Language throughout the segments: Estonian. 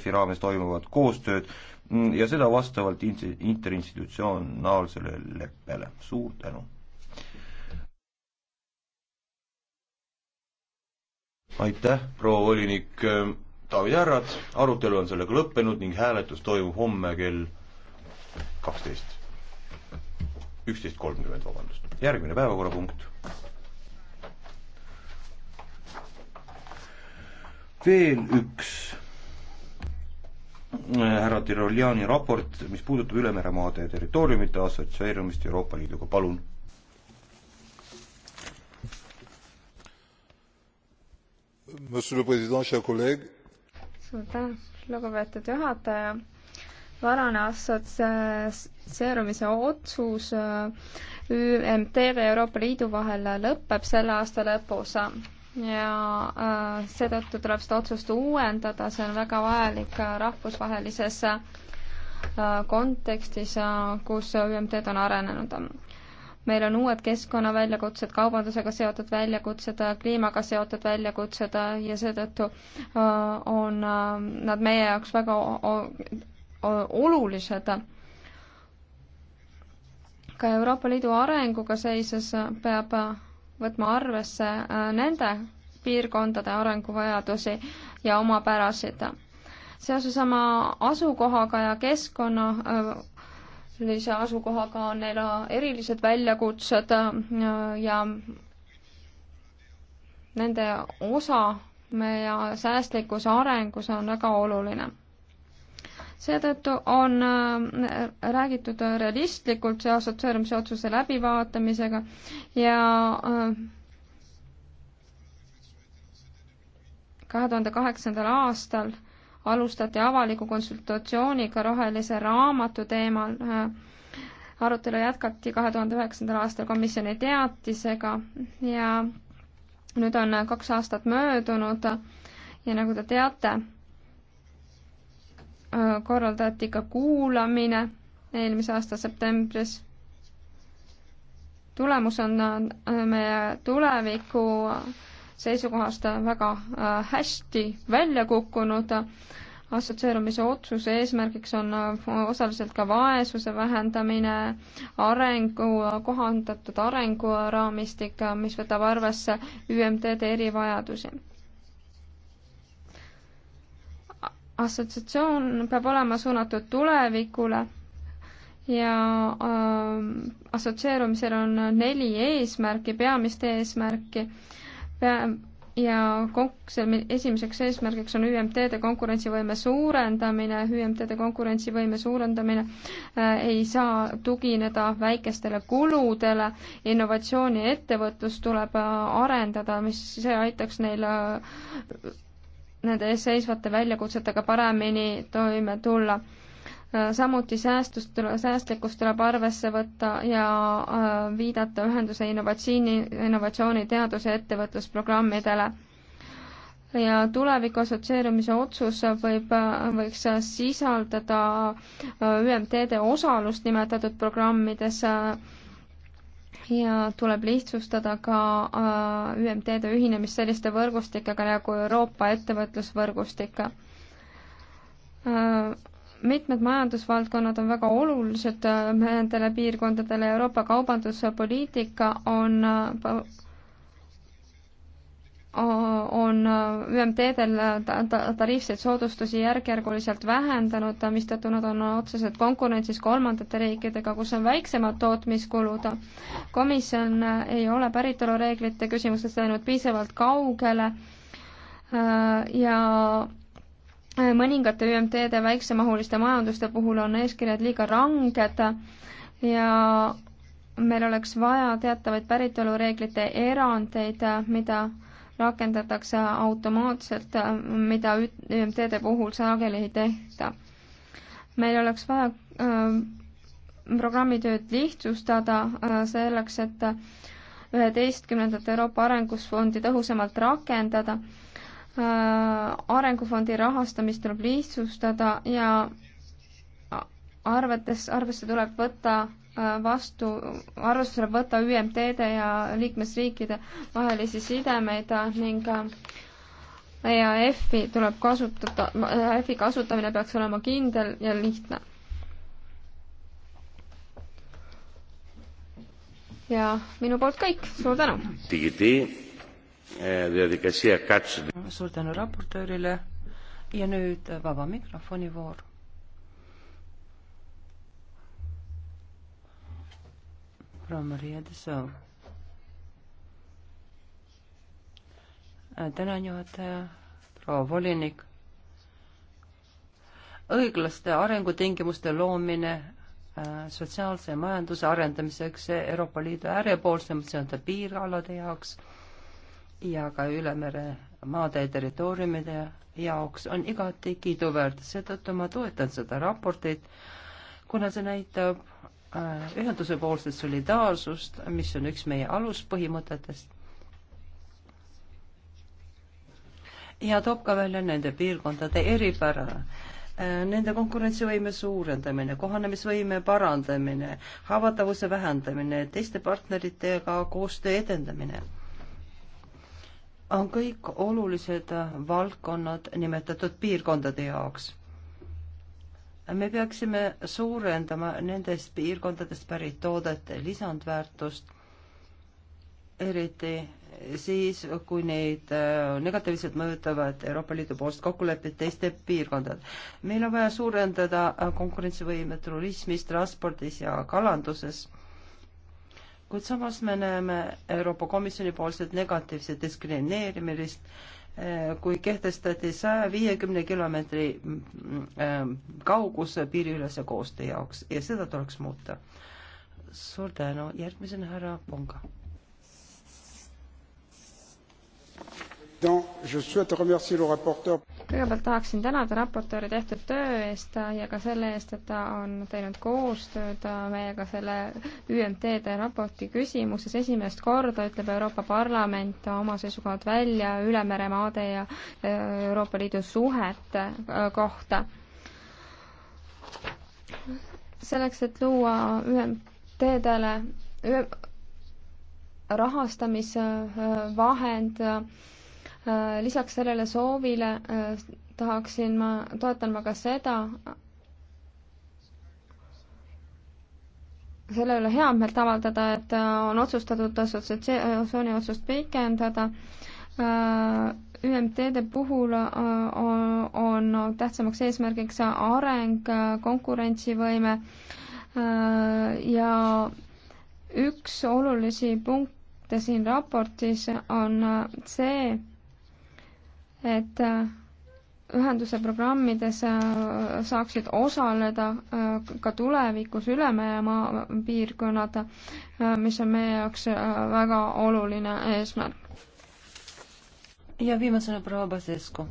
EDF-i raames toimuvat koostööd mm, ja seda vastavalt interinstitutsionaalsele leppele. suur tänu! aitäh, proua volinik, ähm, daamid ja härrad, arutelu on sellega lõppenud ning hääletus toimub homme kell kaksteist, üksteist kolmkümmend, vabandust. järgmine päevakorrapunkt. veel üks härra Tiroljani raport, mis puudutab Ülemeremaade territooriumite assotsieerumist Euroopa Liiduga, palun. suur tänu, lugupeetud juhataja. varane assotsieerumise otsus äh, ÜMT-de Euroopa Liidu vahel lõpeb selle aasta lõpus ja äh, seetõttu tuleb seda otsust uuendada, see on väga vajalik äh, rahvusvahelises äh, kontekstis äh,, kus ÜMT-d on arenenud. meil on uued keskkonnaväljakutsed, kaubandusega seotud väljakutsed, äh, kliimaga seotud väljakutsed äh, ja seetõttu on nad meie jaoks väga olulised ka Euroopa Liidu arenguga seises peab võtma arvesse äh, nende piirkondade arenguvajadusi ja omapärasid. seoses oma asukohaga ja keskkonna sellise äh, asukohaga on neil äh, erilised väljakutsed ja nende osa meie säästlikus arengus on väga oluline seetõttu on äh, räägitud realistlikult see assotsieerumise otsuse läbivaatamisega ja äh, kahe tuhande kaheksandal aastal alustati avaliku konsultatsiooniga rohelise raamatu teemal. Äh, arutelu jätkati kahe tuhande üheksandal aastal komisjoni teatisega ja nüüd on kaks aastat möödunud ja nagu te teate, Äh, korraldati ka kuulamine eelmise aasta septembris. tulemus on äh, meie tuleviku seisukohast väga äh, hästi välja kukkunud. assotsieerumise otsuse eesmärgiks on osaliselt ka vaesuse vähendamine, arengu, kohandatud arenguraamistik, mis võtab arvesse ÜMT-de erivajadusi assotsiatsioon peab olema suunatud tulevikule ja äh, assotsieerumisel on neli eesmärki, peamist eesmärki Pea, ja konk-, esimeseks eesmärgiks on ÜMT-de konkurentsivõime suurendamine, ÜMT-de konkurentsivõime suurendamine äh, ei saa tugineda väikestele kuludele, innovatsiooni ja ettevõtlust tuleb äh, arendada, mis, see aitaks neil äh, nende ees seisvate väljakutsetega paremini toime tulla. samuti säästust, säästlikkust tuleb arvesse võtta ja äh, viidata ühenduse innovatsiooni, innovatsiooni teadus- ja ettevõtlusprogrammidele. ja tuleviku assotsieerumise otsus võib, äh, võiks sisaldada äh, ÜMT-de osalust nimetatud programmides ja tuleb lihtsustada ka äh, ÜMT-de ühinemist selliste võrgustikega nagu Euroopa ettevõtlusvõrgustik. Äh, mitmed majandusvaldkonnad on väga olulised äh, nendele piirkondadele, Euroopa kaubanduspoliitika on on ÜMT-del tariifseid soodustusi järk-järguliselt vähendanud, mistõttu nad on otseselt konkurentsis kolmandate riikidega, kus on väiksemad tootmiskulud. komisjon ei ole päritolureeglite küsimuses läinud piisavalt kaugele äh, ja mõningate ÜMT-de väiksemahuliste majanduste puhul on eeskirjad liiga ranged ja meil oleks vaja teatavaid päritolureeglite erandeid, mida rakendatakse automaatselt, mida ÜMT-de puhul sageli ei tehta. meil oleks vaja äh, programmitööd lihtsustada äh, selleks, et üheteistkümnendat Euroopa Arengusfondi tõhusamalt rakendada äh,. arengufondi rahastamist tuleb lihtsustada ja arvetes, arvesse tuleb võtta Äh, vastu, arvesse tuleb võtta ÜMT-de ja liikmesriikide vahelisi sidemeid ning äh, EAF-i tuleb kasutada, EAF-i kasutamine peaks olema kindel ja lihtne. ja minu poolt kõik, suur tänu! Äh, suur tänu raportöörile ja nüüd vaba mikrofoni voor proua-Maria Tõsov. Äh, tänan, juhataja, proua volinik. õiglaste arengutingimuste loomine äh, sotsiaalse majanduse arendamiseks Euroopa Liidu äärepoolsemate, see on ta piiralade jaoks ja ka üle mere maade ja territooriumide jaoks on igati kiiduväärt, seetõttu ma toetan seda raportit, kuna see näitab, Äh, ühenduse poolset solidaarsust, mis on üks meie aluspõhimõtetest. ja toob ka välja nende piirkondade eripära, äh, nende konkurentsivõime suurendamine, kohanemisvõime parandamine, haavatavuse vähendamine, teiste partneritega koostöö edendamine on kõik olulised valdkonnad nimetatud piirkondade jaoks me peaksime suurendama nendest piirkondadest pärit toodete lisandväärtust, eriti siis, kui neid äh, negatiivselt mõjutavad Euroopa Liidu poolt kokkulepped teiste piirkondadega. meil on vaja suurendada konkurentsivõime turismis, transpordis ja kalanduses, kuid samas me näeme Euroopa Komisjoni poolset negatiivset diskrimineerimist Äh, kui kehtestati saja viiekümne kilomeetri mm, äh, kauguse piiriülese koostöö jaoks ja seda tuleks muuta. suur tänu, järgmisena härra Ponga kõigepealt tahaksin tänada raportööri tehtud töö eest ja ka selle eest, et ta on teinud koostööd meiega selle ÜMT-de raporti küsimuses. esimest korda ütleb Euroopa Parlament oma seisukohad välja Ülemeremaade ja äh, Euroopa Liidu suhete äh, kohta. selleks, et luua ÜMT-dele rahastamise äh, vahend Äh, lisaks sellele soovile äh, tahaksin ma, toetan ma ka seda, selle üle heameelt avaldada, et äh, on otsustatud assotsiatsiooni otsust pikendada. ÜMT-de puhul on, on tähtsamaks eesmärgiks areng, konkurentsivõime ja üks olulisi punkte siin raportis on see, et äh, ühenduse programmides äh, saaksid osaleda äh, ka tulevikus ülemeremaa piirkonnad, mis on meie jaoks väga oluline eesmärk. ja viimasena proua Basescu.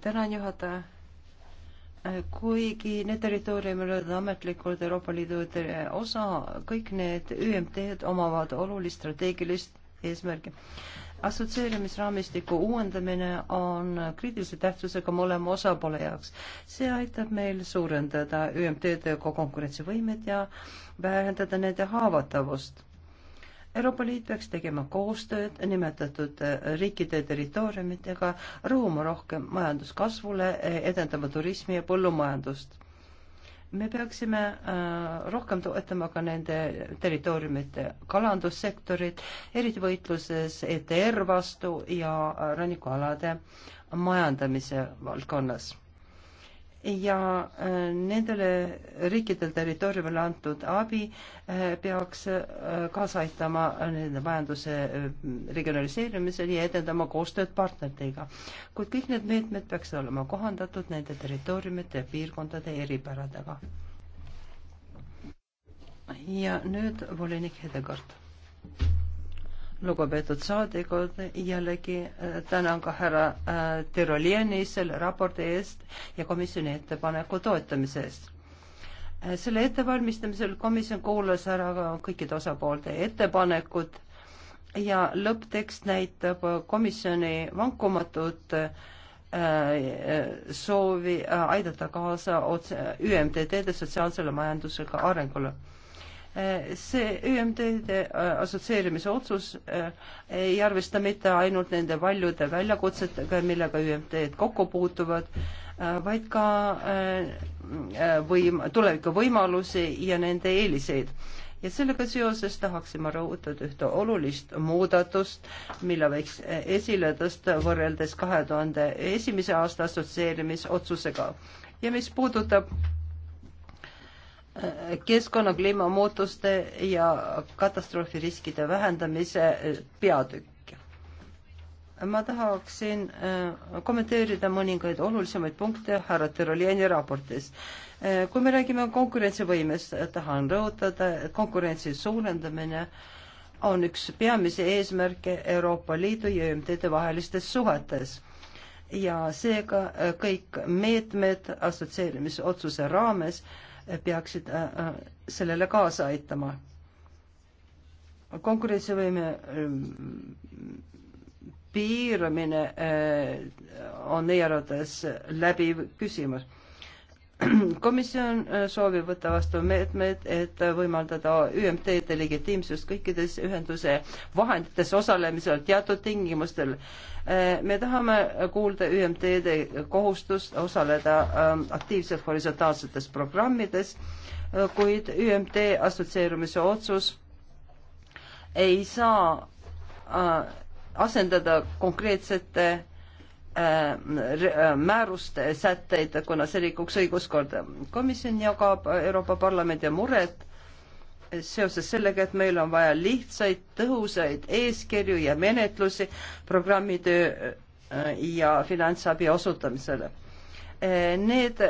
tänan, juhataja. kuigi need territooriumid on ametlikult Euroopa Liidu osa, kõik need ÜMT-d omavad olulist strateegilist eesmärgi assotsieerimisraamistiku uuendamine on kriitilise tähtsusega mõlema osapoole jaoks. see aitab meil suurendada ÜMT-de konkurentsivõimet ja vähendada nende haavatavust. Euroopa Liit peaks tegema koostööd nimetatud riikide territooriumitega, rõhuma rohkem majanduskasvule, edendama turismi ja põllumajandust me peaksime äh, rohkem toetama ka nende territooriumite kalandussektorit, eriti võitluses ETR vastu ja rannikualade majandamise valdkonnas ja äh, nendele riikidel territooriumile antud abi äh, peaks äh, kaasa aitama nende majanduse regionaliseerimisel ja edendama koostööd partneritega. kuid kõik need meetmed peaksid olema kohandatud nende territooriumite ja piirkondade eripäradega. ja nüüd volinik Hedegaard lugupeetud saadikud, jällegi äh, tänan ka härra äh, Tirolieni selle raporti eest ja komisjoni ettepaneku toetamise eest äh, selle ettevalmistamisel komisjon kuulas ära ka kõikide osapoolte ettepanekud ja lõpptekst näitab komisjoni vankumatut soovi aidata kaasa otse ÜMTD-de sotsiaalsele majandusega arengule see ÜMD-de äh, assotsieerimise otsus äh, ei arvesta mitte ainult nende paljude väljakutsetega, millega ÜMD-d kokku puutuvad, äh, vaid ka võim-, tulevikuvõimalusi ja nende eeliseid. ja sellega seoses tahaksin ma rõhutada ühte olulist muudatust, mille võiks esile tõsta võrreldes kahe tuhande esimese aasta assotsieerimisotsusega ja mis puudutab keskkonna kliimamuutuste ja katastroofiriskide vähendamise eh, peatükk. ma tahaksin eh, kommenteerida mõningaid olulisemaid punkte härra Tirolieni raportis. Eh, kui me räägime konkurentsivõimest, tahan rõhutada, et konkurentsi suurendamine on üks peamisi eesmärke Euroopa Liidu ja ÜMT-de vahelistes suhetes ja seega kõik meetmed assotsieerimisotsuse raames äh, peaksid äh, äh, sellele kaasa aitama. konkurentsivõime ähm, piiramine äh, on meie arvates läbiv küsimus komisjon äh, soovib võtta vastu meetmed, et võimaldada ÜMT-de legitiimsust kõikides ühenduse vahendites osalemisel teatud tingimustel. Äh, me tahame kuulda ÜMT-de kohustust osaleda ähm, aktiivselt horisontaalsetes programmides, äh, kuid ÜMT assotsieerumise otsus ei saa asendada konkreetsete Äh, äh, määruste sätteid, kuna see rikuks õiguskorda. komisjon jagab Euroopa Parlamendi muret seoses sellega, et meil on vaja lihtsaid, tõhusaid eeskirju ja menetlusi programmitöö äh, ja finantsabi osutamisele. Need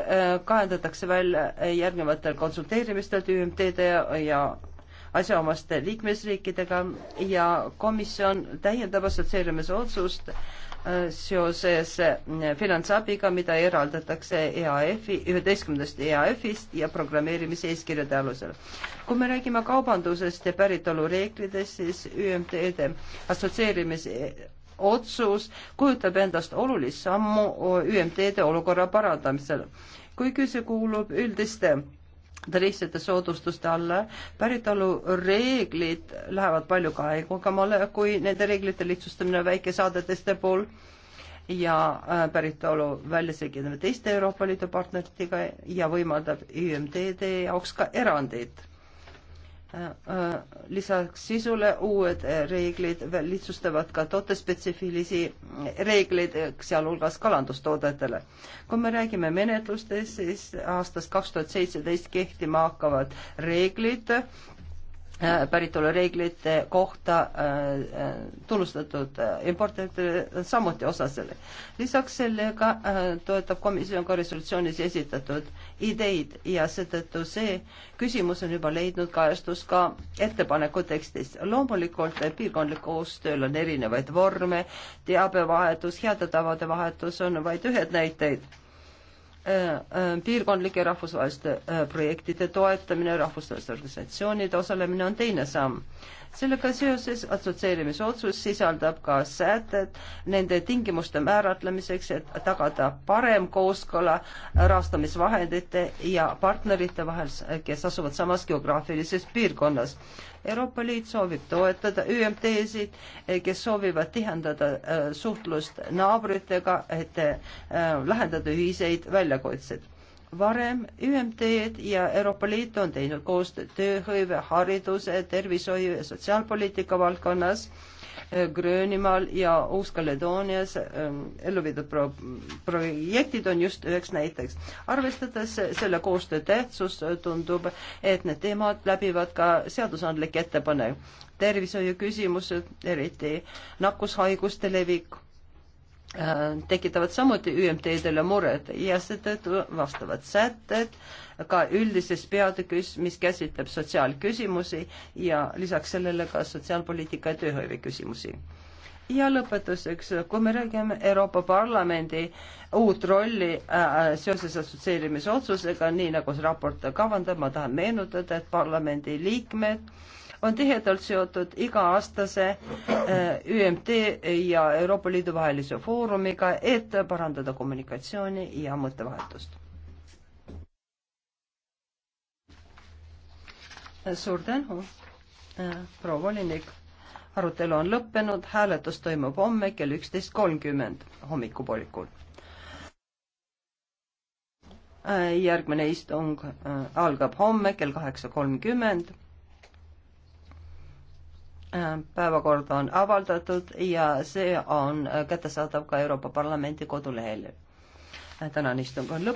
kahendatakse välja järgnevatel konsulteerimistel TÜMT-de ja asjaomaste liikmesriikidega ja komisjon täiendab assotsieerimise otsust äh, seoses äh, finantsabiga, mida eraldatakse EAF-i, üheteistkümnendast EAF-ist ja programmeerimise eeskirjade alusel. kui me räägime kaubandusest ja päritolureeglidest, siis ÜMT-de assotsieerimise otsus kujutab endast olulist sammu ÜMT-de olukorra parandamisel. kuigi see kuulub üldiste teistete soodustuste alla. päritolureeglid lähevad palju ka aegugamale kui nende reeglite lihtsustamine väikesaadeteste pool ja äh, päritolu välja selgitamine teiste Euroopa Liidu partneritega ja võimaldab ÜMTD jaoks ka erandeid lisaks sisule uued reeglid lihtsustavad ka tootespetsiifilisi reegleid, sealhulgas kalandustoodetele. kui me räägime menetlustest, siis aastast kaks tuhat seitseteist kehtima hakkavad reeglid Äh, päritolureeglite kohta äh, äh, tulustatud importijatele samuti osa selle. lisaks sellega toetab komisjon ka resolutsioonis esitatud ideid ja seetõttu see küsimus on juba leidnud kajastust ka ettepaneku tekstis. loomulikult piirkondlik koostööl on erinevaid vorme, teabevahetus, heade tavade vahetus on vaid ühed näited Äh, äh, piirkondlike rahvusvaheliste äh, projektide toetamine, rahvusvaheliste organisatsioonide osalemine on teine samm. sellega seoses assotsieerimisotsus sisaldab ka sätet nende tingimuste määratlemiseks, et tagada parem kooskõla rahastamisvahendite ja partnerite vahel, kes asuvad samas geograafilises piirkonnas. Euroopa Liit soovib toetada ÜMT-sid, eh, kes soovivad tihendada eh, suhtlust naabritega, et eh, lahendada ühiseid väljakutseid varem ÜMT-d ja Euroopa Liit on teinud koostööd tööhõive, hariduse, tervishoiu ja sotsiaalpoliitika valdkonnas äh, Gröönimaal ja Uus-Kaledoonias ähm, ellu viidud pro projektid on just üheks näiteks. arvestades selle koostöö tähtsust, tundub, et need teemad läbivad ka seadusandlik ettepanek. tervishoiu küsimused, eriti nakkushaiguste levik Äh, tekitavad samuti ÜMT-dele mured ja seetõttu vastavad sätted ka üldises peatükis, mis käsitleb sotsiaalküsimusi ja lisaks sellele ka sotsiaalpoliitika ja tööhõive küsimusi. ja lõpetuseks, kui me räägime Euroopa Parlamendi uut rolli äh, seoses assotsieerimisotsusega, nii nagu see raport kavandab, ma tahan meenutada, et parlamendi liikmed äh, on tihedalt seotud iga-aastase äh, ÜMT ja Euroopa Liidu vahelise foorumiga, et parandada kommunikatsiooni ja mõttevahetust. suur tänu, äh, proua volinik. arutelu on lõppenud, hääletus toimub homme kell üksteist kolmkümmend hommikupoolikul äh, järgmine istung algab homme kell kaheksa kolmkümmend päevakord on avaldatud ja see on kättesaadav ka Euroopa Parlamendi kodulehel. tänane istung on lõppenud.